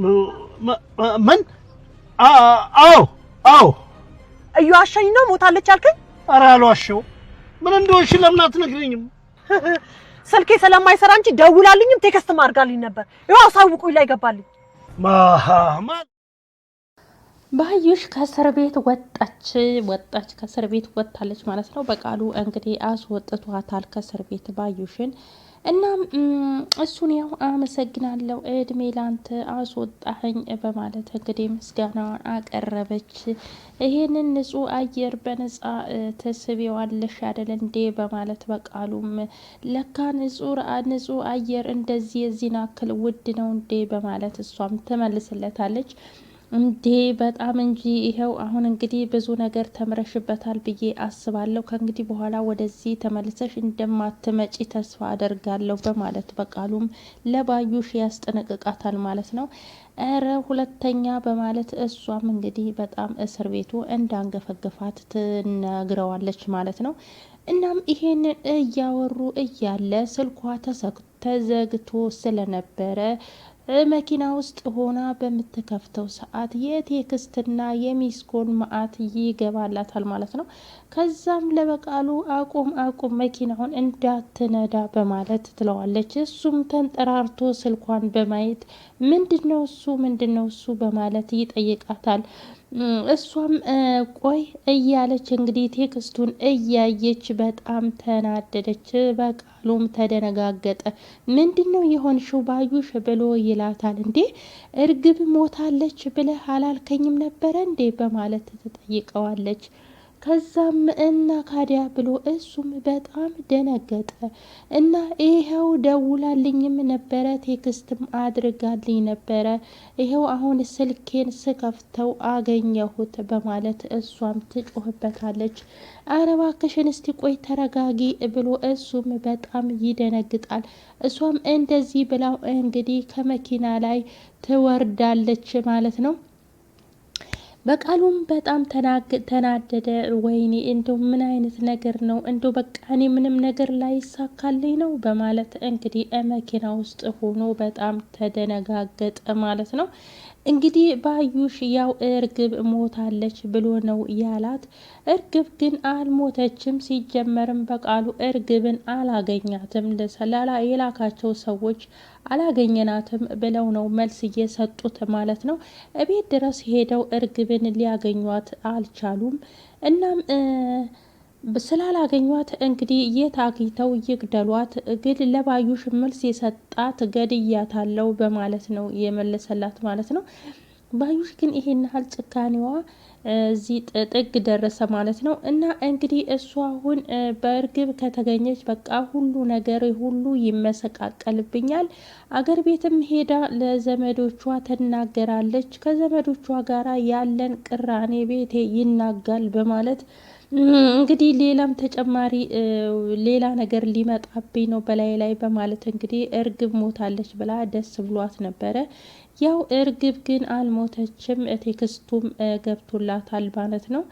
ምን? አዎ አዎ። እዩ ነው ሞታለች አልከኝ? ኧረ አልዋሸው። ምን እንደሆንሽ ለምን አትነግሪኝም? ስልኬ ስለማይሰራ እንጂ ደውላልኝም ቴክስትም አድርጋልኝ ነበር። ይኸው አሳውቁኝ ላይ ገባልኝ። ባዩሽ ከእስር ቤት ወጣች ወጣች ከእስር ቤት ወጥታለች ማለት ነው። በቃሉ እንግዲህ አስወጥቷታል ከእስር ቤት ባዩሽን እና እሱን ያው አመሰግናለሁ እድሜ ላንተ አስወጣኸኝ በማለት እንግዲህ ምስጋናዋን አቀረበች። ይሄንን ንጹህ አየር በነጻ ተስቤዋለሽ አደለ እንዴ በማለት በቃሉም ለካ ንጹህ አየር እንደዚህ የዚህን ያክል ውድ ነው እንዴ በማለት እሷም ትመልስለታለች። እንዴ በጣም እንጂ ይኸው አሁን እንግዲህ ብዙ ነገር ተምረሽበታል ብዬ አስባለሁ። ከእንግዲህ በኋላ ወደዚህ ተመልሰሽ እንደማትመጪ ተስፋ አደርጋለሁ በማለት በቃሉም ለባዩሽ ያስጠነቅቃታል ማለት ነው። እረ ሁለተኛ በማለት እሷም እንግዲህ በጣም እስር ቤቱ እንዳንገፈገፋት ትነግረዋለች ማለት ነው። እናም ይሄንን እያወሩ እያለ ስልኳ ተዘግቶ ስለነበረ መኪና ውስጥ ሆና በምትከፍተው ሰዓት የቴክስትና የሚስኮን መዓት ይገባላታል ማለት ነው። ከዛም ለበቃሉ አቁም አቁም መኪናውን እንዳትነዳ በማለት ትለዋለች። እሱም ተንጠራርቶ ስልኳን በማየት ምንድን ነው እሱ ምንድን ነው እሱ በማለት ይጠይቃታል። እሷም ቆይ እያለች እንግዲህ ቴክስቱን እያየች በጣም ተናደደች። በቃሉም ተደነጋገጠ። ምንድን ነው የሆንሽው ባዩሽ ብሎ ይላታል። እንዴ እርግብ ሞታለች ብለህ አላልከኝም ነበረ እንዴ በማለት ትጠይቀዋለች። ከዛም እና ካዲያ ብሎ እሱም በጣም ደነገጠ እና ይኸው ደውላልኝም ነበረ ቴክስትም አድርጋልኝ ነበረ ይኸው አሁን ስልኬን ስከፍተው አገኘሁት በማለት እሷም ትጮህበታለች። አረ እባክሽን እስቲ ቆይ ተረጋጊ ብሎ እሱም በጣም ይደነግጣል። እሷም እንደዚህ ብላው እንግዲህ ከመኪና ላይ ትወርዳለች ማለት ነው። በቃሉም በጣም ተናደደ። ወይኔ እንደው ምን አይነት ነገር ነው? እንደ በቃ እኔ ምንም ነገር ላይሳካልኝ ነው በማለት እንግዲህ መኪና ውስጥ ሆኖ በጣም ተደነጋገጠ ማለት ነው። እንግዲህ ባዩሽ ያው እርግብ ሞታለች ብሎ ነው ያላት። እርግብ ግን አልሞተችም። ሲጀመርም በቃሉ እርግብን አላገኛትም፣ ለሰላላ የላካቸው ሰዎች አላገኘናትም ብለው ነው መልስ እየሰጡት ማለት ነው። እቤት ድረስ ሄደው እርግብን ሊያገኟት አልቻሉም። እናም ስላላገኟት እንግዲህ የት አግኝተው ይግደሏት፣ ግን ለባዩሽ መልስ የሰጣት ገድያታለው በማለት ነው የመለሰላት ማለት ነው። ባዩሽ ግን ይሄን ያህል ጭካኔዋ እዚህ ጥግ ደረሰ ማለት ነው። እና እንግዲህ እሱ አሁን በእርግብ ከተገኘች በቃ ሁሉ ነገር ሁሉ ይመሰቃቀልብኛል። አገር ቤትም ሄዳ ለዘመዶቿ ትናገራለች። ከዘመዶቿ ጋራ ያለን ቅራኔ ቤቴ ይናጋል በማለት እንግዲህ ሌላም ተጨማሪ ሌላ ነገር ሊመጣብኝ ነው በላይ ላይ በማለት እንግዲህ እርግብ ሞታለች ብላ ደስ ብሏት ነበረ። ያው እርግብ ግን አልሞተችም። ቴክስቱም ገብቶላ ይላታል ማለት ነው።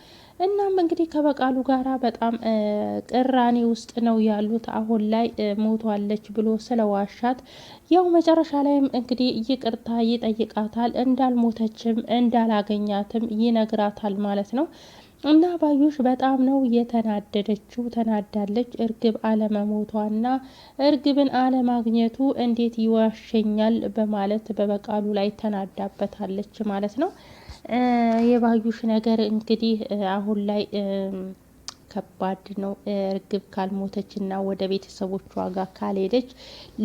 እናም እንግዲህ ከበቃሉ ጋራ በጣም ቅራኔ ውስጥ ነው ያሉት። አሁን ላይ ሞቷለች ብሎ ስለዋሻት ያው መጨረሻ ላይም እንግዲህ ይቅርታ ይጠይቃታል። እንዳልሞተችም እንዳላገኛትም ይነግራታል ማለት ነው። እና ባዩሽ በጣም ነው የተናደደችው፣ ተናዳለች። እርግብ አለመሞቷና እርግብን አለማግኘቱ እንዴት ይዋሸኛል በማለት በበቃሉ ላይ ተናዳበታለች ማለት ነው። የባዩሽ ነገር እንግዲህ አሁን ላይ ከባድ ነው። እርግብ ካልሞተች እና ወደ ቤተሰቦቿ ጋር ካልሄደች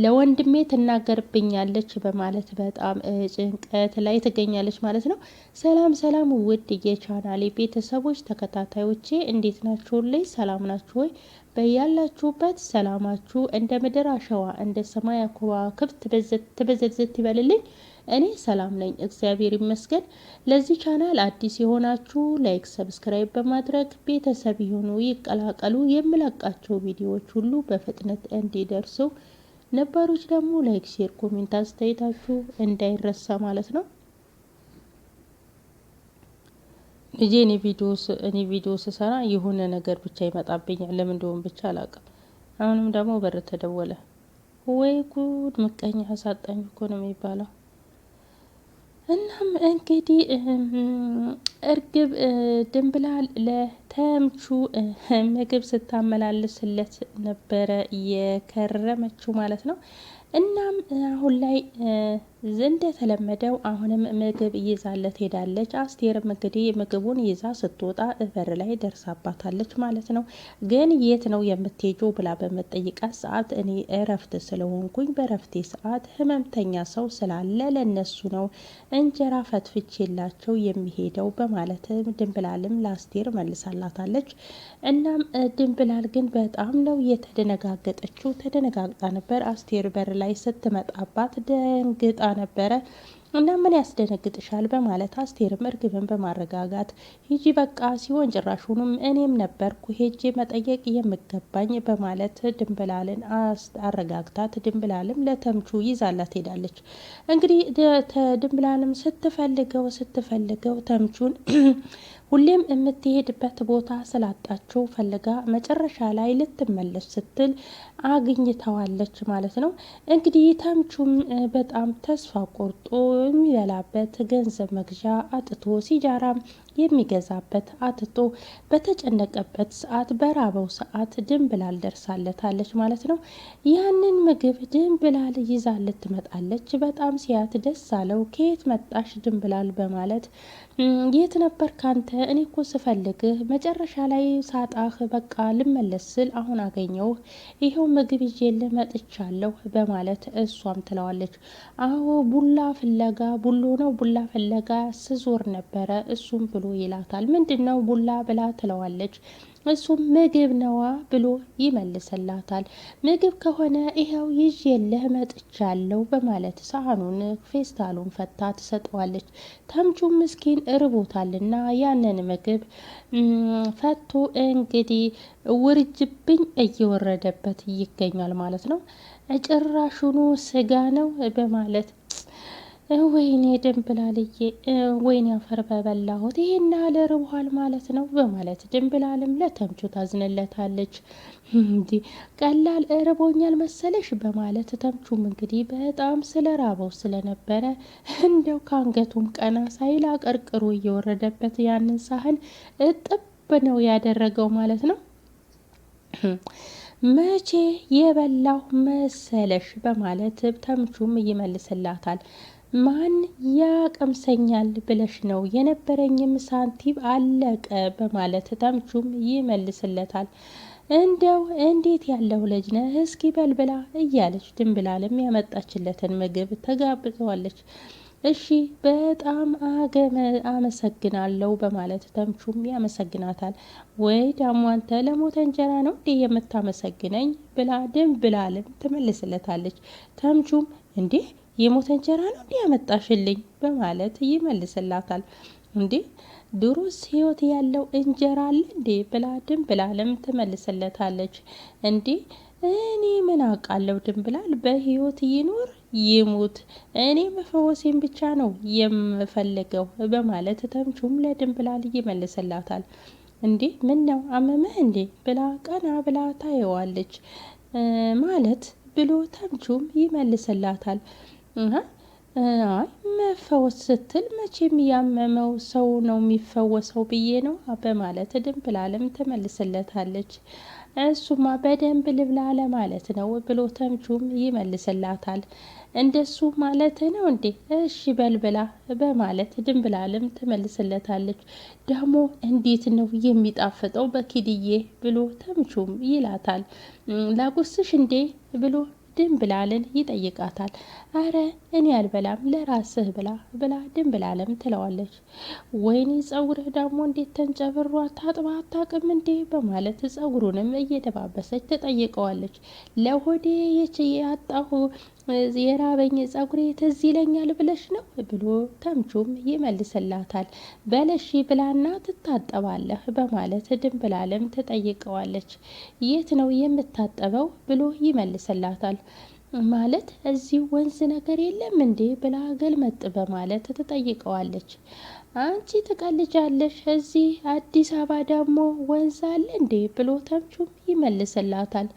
ለወንድሜ ትናገርብኛለች በማለት በጣም ጭንቀት ላይ ትገኛለች ማለት ነው። ሰላም ሰላም፣ ውድ የቻናሌ ቤተሰቦች ተከታታዮቼ እንዴት ናችሁልኝ? ሰላም ናችሁ ወይ? በያላችሁበት ሰላማችሁ እንደ ምድር አሸዋ እንደ ሰማይ አኮባ ክፍት ይበልልኝ። እኔ ሰላም ነኝ፣ እግዚአብሔር ይመስገን። ለዚህ ቻናል አዲስ የሆናችሁ ላይክ፣ ሰብስክራይብ በማድረግ ቤተሰብ ይሁኑ፣ ይቀላቀሉ። የምለቃቸው ቪዲዮዎች ሁሉ በፍጥነት እንዲደርሱ፣ ነባሮች ደግሞ ላይክ፣ ሼር፣ ኮሜንት አስተያየታችሁ እንዳይረሳ ማለት ነው። ልጄ እኔ ቪዲዮ ስሰራ የሆነ ነገር ብቻ ይመጣብኛል። ለምን እንደሆነ ብቻ አላውቅም። አሁንም ደግሞ በር ተደወለ። ወይ ጉድ! ምቀኛ አሳጣኝ እኮ ነው የሚባለው። እናም እንግዲህ እርግብ ድንብላል ለተምቹ ምግብ ስታመላልስለት ነበረ የከረመችው ማለት ነው። እናም አሁን ላይ እንደተለመደው አሁንም ምግብ ይዛለት ሄዳለች። አስቴርም እንግዲህ ምግቡን ይዛ ስትወጣ በር ላይ ደርሳባታለች ማለት ነው። ግን የት ነው የምትሄጂው ብላ በመጠይቃት ሰዓት እኔ እረፍት ስለሆንኩኝ በእረፍቴ ሰዓት ህመምተኛ ሰው ስላለ ለነሱ ነው እንጀራ ፈትፍቼላቸው የሚሄደው በማለት ድንብላልም ለአስቴር መልሳላታለች። እናም ድንብላል ግን በጣም ነው የተደነጋገጠችው። ተደነጋግጣ ነበር። አስቴር በር ላይ ስትመጣባት ደንግጣ ነበረ። እና ምን ያስደነግጥሻል በማለት አስቴርም እርግብን በማረጋጋት ሂጂ በቃ ሲሆን ጭራሹንም እኔም ነበርኩ ሄጄ መጠየቅ የምገባኝ በማለት ድንብላልን አረጋግታት ድንብላልም ለተምቹ ይዛላት ሄዳለች። እንግዲህ ድንብላልም ስትፈልገው ስትፈልገው ተምቹን ሁሌም የምትሄድበት ቦታ ስላጣችው ፈልጋ መጨረሻ ላይ ልትመለስ ስትል አግኝተዋለች ማለት ነው። እንግዲህ ተምቹም በጣም ተስፋ ቆርጦ የሚበላበት ገንዘብ መግዣ አጥቶ ሲጃራም የሚገዛበት አጥቶ በተጨነቀበት ሰዓት በራበው ሰዓት ድንብላል ደርሳለታለች ማለት ነው። ያንን ምግብ ድንብላል ይዛለት ትመጣለች። በጣም ሲያት ደስ አለው። ከየት መጣሽ ድንብላል በማለት የት ነበር ካንተ እኔ እኮ ስፈልግህ መጨረሻ ላይ ሳጣህ በቃ ልመለስ ስል አሁን አገኘው ይኸው ምግብ ይዤልህ መጥቻለሁ በማለት እሷም ትለዋለች። አዎ ቡላ ፍለጋ ቡሎ ነው ቡላ ፍለጋ ስዞር ነበረ እሱም ብሎ ይላታል። ምንድን ነው ቡላ ብላ ትለዋለች። እሱም ምግብ ነዋ ብሎ ይመልስላታል። ምግብ ከሆነ ይኸው ይዤልህ መጥቻለሁ በማለት ሳህኑን ፌስታሉን ፈታ ትሰጠዋለች። ተምቹ ምስኪን እርቦታልና ያንን ምግብ ፈቶ እንግዲህ ውርጅብኝ እየወረደበት ይገኛል ማለት ነው። ጭራሹኑ ስጋ ነው በማለት ወይኔ ድንብላልዬ ወይኔ አፈር በበላሁት ይሄን አለ ርቧል ማለት ነው በማለት ድንብላልም ለተምቹ ታዝንለታለች። እንዲ ቀላል ርቦኛል መሰለሽ በማለት ተምቹም እንግዲህ በጣም ስለ ራበው ስለነበረ እንደው ከአንገቱም ቀና ሳይል አቀርቅሮ እየወረደበት ያንን ሳህን እጥብ ነው ያደረገው ማለት ነው። መቼ የበላው መሰለሽ በማለት ተምቹም ይመልስላታል። ማን ያቀምሰኛል ብለሽ ነው የነበረኝም ሳንቲም አለቀ በማለት ተምቹም ይመልስለታል። እንደው እንዴት ያለው ልጅ ነህ እስኪ በልብላ እያለች ድንብላልም ያመጣችለትን ምግብ ተጋብዘዋለች። እሺ በጣም አገመ አመሰግናለሁ በማለት ተምቹም ያመሰግናታል። ወይ ዳሞ አንተ ለሞተ እንጀራ ነው እንዴ የምታመሰግነኝ ብላ ድንብላልም ትመልስለታለች። ተምቹም እንዴ የሞተ እንጀራ ነው እንዲህ ያመጣሽልኝ በማለት ይመልስላታል። እንዴ ድሮስ ህይወት ያለው እንጀራ አለ እንዴ ብላ ድንብላልም ትመልስለታለች። እንዴ እኔ ምን አውቃለሁ ድንብላል በህይወት ይኖር ይሙት እኔ መፈወሴን ብቻ ነው የምፈልገው በማለት ተምቹም ለድንብላል ይመልስላታል። እንዴ ምን ነው አመመህ እንዴ ብላ ቀና ብላ ታየዋለች ማለት ብሎ ተምቹም ይመልስላታል። አይ መፈወስ ስትል መቼም ያመመው ሰው ነው የሚፈወሰው ብዬ ነው በማለት ድንብላልም ትመልስለታለች። እሱማ በደንብ ልብላ ለማለት ነው ብሎ ተምቹም ይመልስላታል። እንደሱ ማለት ነው እንዴ? እሺ በልብላ በማለት ድንብላልም ትመልስለታለች። ደግሞ እንዴት ነው የሚጣፍጠው በኪድዬ ብሎ ተምቹም ይላታል። ላጉስሽ እንዴ ብሎ ድንብላልን ይጠይቃታል። አረ እኔ አልበላም ለራስህ ብላ ብላ ድንብላልም ትለዋለች። ወይኔ ጸጉርህ ደግሞ እንዴት ተንጨብሯል ታጥባ አታቅም እንዴ? በማለት ጸጉሩንም እየደባበሰች ትጠይቀዋለች። ለሆዴ የች አጣሁ የራበኝ ጸጉሬ ትዝ ይለኛል ብለሽ ነው ብሎ ተምቹም ይመልስላታል። በለሺ ብላና ትታጠባለህ በማለት ድንብላልም ትጠይቀዋለች። የት ነው የምታጠበው ብሎ ይመልስላታል። ማለት እዚህ ወንዝ ነገር የለም እንዴ ብላ ገልመጥ በማለት ትጠይቀዋለች። አንቺ ትቀልጃለሽ፣ እዚህ አዲስ አበባ ደግሞ ወንዝ አለ እንዴ ብሎ ተምቹም ይመልስላታል።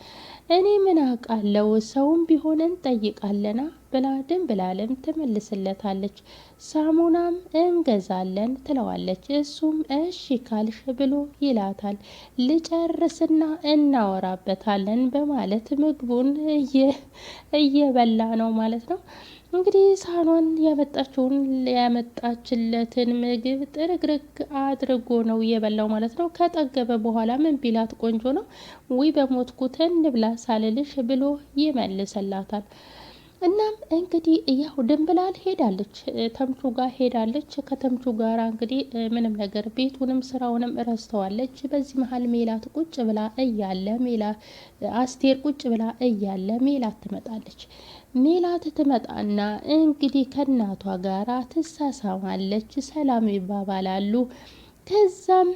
እኔ ምን አውቃለው ሰውም ቢሆን እንጠይቃለና ብላ ድንብላልም ትመልስለታለች። ሳሙናም እንገዛለን ትለዋለች። እሱም እሺ ካልሽ ብሎ ይላታል። ልጨርስና እናወራበታለን በማለት ምግቡን እየበላ ነው ማለት ነው። እንግዲህ ሳህኗን ያመጣችውን ያመጣችለትን ምግብ ጥርግርግ አድርጎ ነው የበላው ማለት ነው። ከጠገበ በኋላ ምን ቢላት ቆንጆ ነው ወይ በሞትኩ እንብላ ሳልልሽ ብሎ ይመልሰላታል። እናም እንግዲህ ያው ድንብላል ሄዳለች፣ ተምቹ ጋር ሄዳለች። ከተምቹ ጋር እንግዲህ ምንም ነገር ቤቱንም ስራውንም ረስተዋለች። በዚህ መሀል ሜላት ቁጭ ብላ እያለ ሜላ አስቴር ቁጭ ብላ እያለ ሜላት ትመጣለች። ሜላት ትመጣና እንግዲህ ከእናቷ ጋር ትሳሳማለች፣ ሰላም ይባባላሉ። ከዛም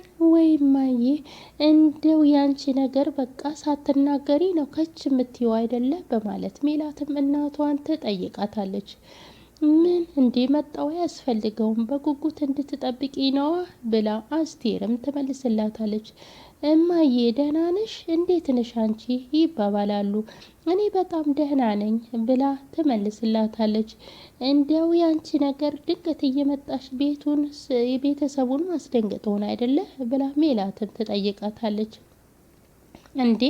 ማዬ እንደው ያንቺ ነገር በቃ ሳትናገሪ ነው ከች የምትይው አይደለ? በማለት ሜላትም እናቷን ትጠይቃታለች። ምን እንዴ መጣው አያስፈልገውም በጉጉት እንድትጠብቂ ነዋ ብላ አስቴርም ትመልስላታለች። እማዬ ደህና ነሽ? እንዴት ነሽ አንቺ? ይባባላሉ። እኔ በጣም ደህና ነኝ ብላ ትመልስላታለች። እንደው ያንቺ ነገር ድንገት እየመጣሽ ቤቱን ቤተሰቡን ማስደንገጥ ሆነ አይደለ? ብላ ሜላትም ትጠይቃታለች። እንዴ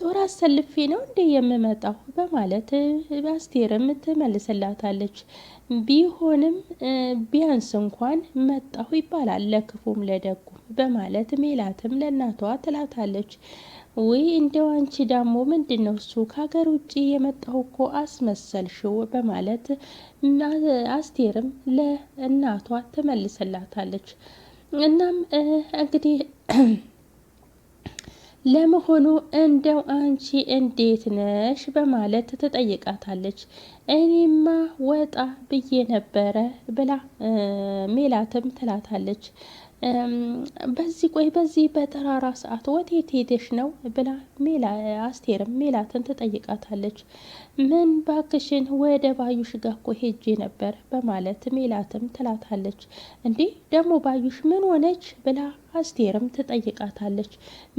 ጦር አሰልፌ ነው እንዴ የምመጣው በማለት አስቴርም ትመልስላታለች። ቢሆንም ቢያንስ እንኳን መጣሁ ይባላል ለክፉም ለደጉም በማለት ሜላትም ለእናቷ ትላታለች። ወይ እንደው አንቺ ዳሞ ምንድን ነው እሱ ከሀገር ውጭ የመጣሁ እኮ አስመሰልሽው በማለት አስቴርም ለእናቷ ትመልስላታለች። እናም እንግዲህ ለመሆኑ እንደው አንቺ እንዴት ነሽ? በማለት ትጠይቃታለች። እኔማ ወጣ ብዬ ነበረ ብላ ሜላትም ትላታለች። በዚህ ቆይ በዚህ በጠራራ ሰዓት ወዴት ሄደሽ ነው? ብላ አስቴርም ሜላትን ትጠይቃታለች። ምን ባክሽን ወደ ባዩሽ ጋር እኮ ሄጄ ነበር በማለት ሜላትም ትላታለች። እንዴ ደግሞ ባዩሽ ምን ሆነች ብላ አስቴርም ትጠይቃታለች።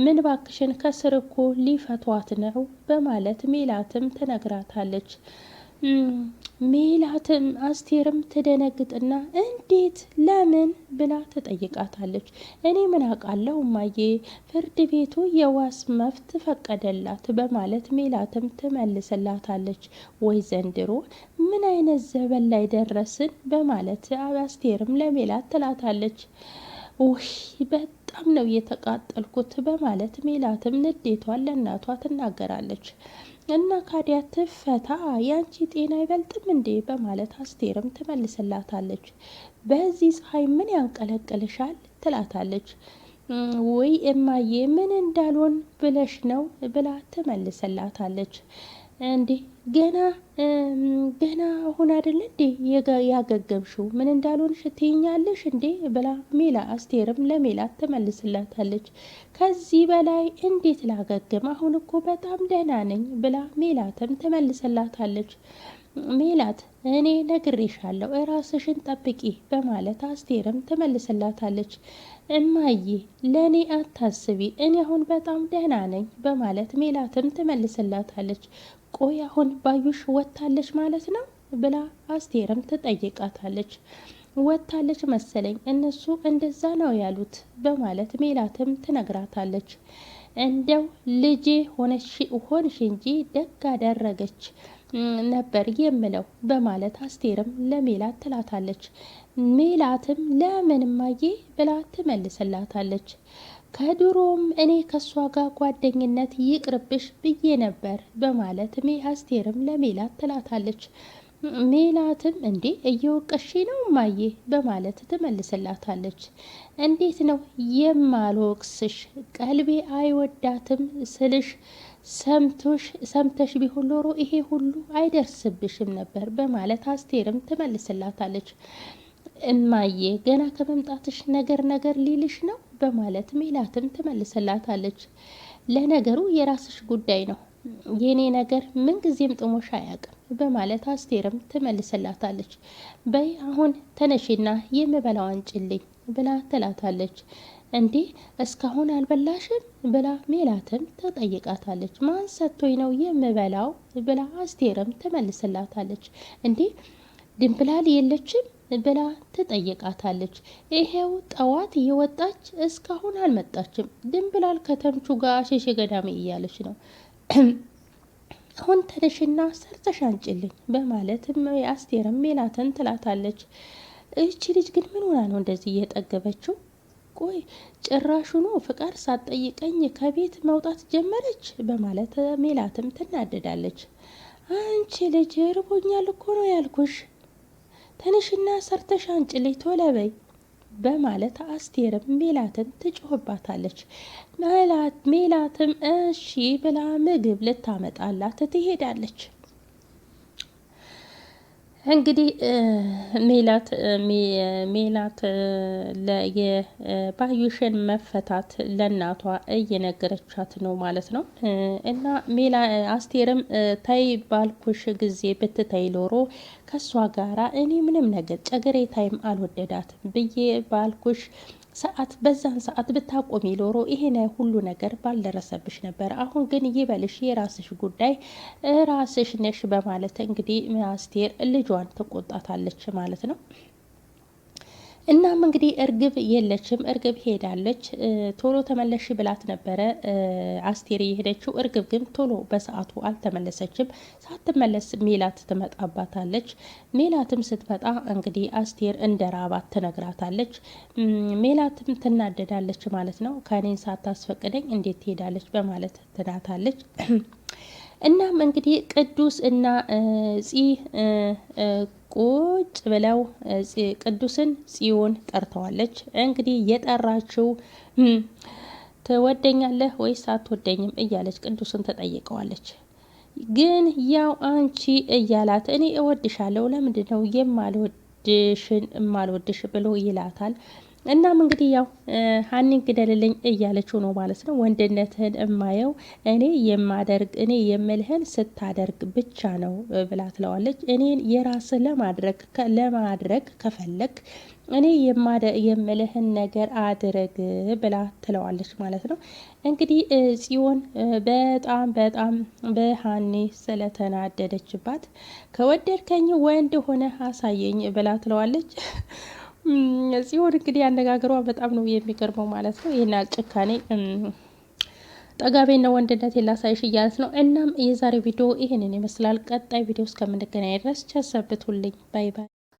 ምን ባክሽን ከስር እኮ ሊፈቷት ነው በማለት ሜላትም ትነግራታለች። ሜላትም አስቴርም ትደነግጥና እንዴት ለምን ብላ ትጠይቃታለች። እኔ ምን አውቃለሁ እማዬ ፍርድ ቤቱ የዋስ መፍት ፈቀደላት በማለት ሜላትም ትመልስላታለች። ወይ ዘንድሮ ምን አይነት ዘበን ላይ ደረስን በማለት አስቴርም ለሜላት ትላታለች። ውይ በጣም ነው የተቃጠልኩት በማለት ሜላትም ንዴቷን ለእናቷ ትናገራለች። እና ካዲያ ትፈታ ያንቺ ጤና አይበልጥም እንዴ በማለት አስቴርም ትመልስላታለች። በዚህ ፀሐይ ምን ያንቀለቅልሻል ትላታለች። ወይ እማዬ ምን እንዳልሆን ብለሽ ነው ብላ ትመልስላታለች። እንዴ ገና ገና አሁን አይደለ እንዴ ያገገብሽው ምን እንዳልሆንሽ ትይኛለሽ እንዴ ብላ ሜላ አስቴርም ለሜላት ትመልስላታለች። ከዚህ በላይ እንዴት ላገግም? አሁን እኮ በጣም ደህና ነኝ ብላ ሜላትም ትመልስላታለች። ሜላት እኔ ነግሬሻለሁ እራስሽን ጠብቂ በማለት አስቴርም ትመልስላታለች። እማዬ ለእኔ አታስቢ እኔ አሁን በጣም ደህና ነኝ በማለት ሜላትም ትመልስላታለች። ቆይ አሁን ባዩሽ ወታለች ማለት ነው ብላ አስቴርም ትጠይቃታለች። ወታለች መሰለኝ እነሱ እንደዛ ነው ያሉት በማለት ሜላትም ትነግራታለች። እንደው ልጄ ሆንሽ እንጂ ደግ አደረገች ነበር የምለው በማለት አስቴርም ለሜላት ትላታለች። ሜላትም ለምን ማዬ ብላ ትመልስላታለች። ከድሮም እኔ ከእሷ ጋር ጓደኝነት ይቅርብሽ ብዬ ነበር በማለት ሜ አስቴርም ለሜላት ትላታለች። ሜላትም እንዴ እየወቀሽ ነው ማዬ በማለት ትመልስላታለች። እንዴት ነው የማልወቅስሽ? ቀልቤ አይወዳትም ስልሽ ሰምቶሽ ሰምተሽ ቢሆን ኖሮ ይሄ ሁሉ አይደርስብሽም ነበር በማለት አስቴርም ትመልስላታለች። እማዬ ገና ከመምጣትሽ ነገር ነገር ሊልሽ ነው በማለት ሜላትም ትመልስላታለች። ለነገሩ የራስሽ ጉዳይ ነው የኔ ነገር ምንጊዜም ጥሞሽ አያውቅም በማለት አስቴርም ትመልስላታለች። በይ አሁን ተነሽና የምበላው አንጭልኝ ብላ ትላታለች። እንዴ እስካሁን አልበላሽም ብላ ሜላትም ተጠይቃታለች። ማን ሰጥቶኝ ነው የምበላው ብላ አስቴርም ትመልስላታለች። እንዴ ድንብላል የለችም ብላ ትጠይቃታለች። ይሄው ጠዋት እየወጣች እስካሁን አልመጣችም። ብላል ከተምቹ ጋር ሸሸ ገዳሜ እያለች ነው። አሁን ተነሽና ሰርተሽ አንጭልኝ በማለትም የአስቴርም ሜላትን ትላታለች። እቺ ልጅ ግን ምን ሆና ነው እንደዚህ እየጠገበችው? ቆይ ጭራሹኑ ፍቃድ ሳትጠይቀኝ ከቤት መውጣት ጀመረች በማለት ሜላትም ትናደዳለች። አንቺ ልጅ ርቦኛል እኮ ነው ያልኩሽ ትንሽና ሰርተሽ አንጭልኝ ቶሎ በይ በማለት አስቴርም ሜላትን ትጮህባታለች። ሜላትም እሺ ብላ ምግብ ልታመጣላት ትሄዳለች። እንግዲህ ሜላት ሜላት የባዩሽን መፈታት ለእናቷ እየነገረቻት ነው ማለት ነው። እና ሜላ አስቴርም ታይ ባልኩሽ ጊዜ ብትታይ ኖሮ ከእሷ ጋራ እኔ ምንም ነገር ጨገሬ ታይም አልወደዳት ብዬ ባልኩሽ ሰዓት በዛን ሰዓት ብታቆሚ ኖሮ ይሄ ሁሉ ነገር ባልደረሰብሽ ነበር። አሁን ግን ይበልሽ የራስሽ ጉዳይ ራስሽ ነሽ በማለት እንግዲህ አስቴር ልጇን ትቆጣታለች ማለት ነው። እናም እንግዲህ እርግብ የለችም፣ እርግብ ሄዳለች። ቶሎ ተመለሽ ብላት ነበረ አስቴር የሄደችው። እርግብ ግን ቶሎ በሰዓቱ አልተመለሰችም። ሳትመለስ ሜላት ትመጣባታለች። ሜላትም ስትመጣ እንግዲህ አስቴር እንደ ራባት ትነግራታለች። ሜላትም ትናደዳለች ማለት ነው። ከኔን ሳታስፈቅደኝ እንዴት ትሄዳለች በማለት ትናታለች። እናም እንግዲህ ቅዱስ እና ፂ ቁጭ ብለው ቅዱስን ጽዮን ጠርተዋለች። እንግዲህ የጠራችው ትወደኛለህ ወይስ አትወደኝም እያለች ቅዱስን ተጠይቀዋለች። ግን ያው አንቺ እያላት እኔ እወድሻለሁ፣ ለምንድን ነው የማልወድሽን የማልወድሽ ብሎ ይላታል። እናም እንግዲህ ያው ሀኒን ግደልልኝ እያለችው ነው ማለት ነው። ወንድነትህን እማየው እኔ የማደርግ እኔ የምልህን ስታደርግ ብቻ ነው ብላ ትለዋለች። እኔን የራስህ ለማድረግ ለማድረግ ከፈለግ እኔ የምልህን ነገር አድረግ ብላ ትለዋለች ማለት ነው። እንግዲህ ጽዮን በጣም በጣም በሀኒ ስለተናደደችባት ከወደድከኝ ወንድ ሆነ አሳየኝ ብላ ትለዋለች። ሲሆን እንግዲህ አነጋገሯ በጣም ነው የሚገርመው ማለት ነው። ይህን ያህል ጭካኔ ጠጋቤና ወንድነት የላሳይሽ እያለት ነው። እናም የዛሬ ቪዲዮ ይህንን ይመስላል። ቀጣይ ቪዲዮ እስከምንገናኝ ድረስ ቸር ሰንብቱልኝ። ባይ ባይ።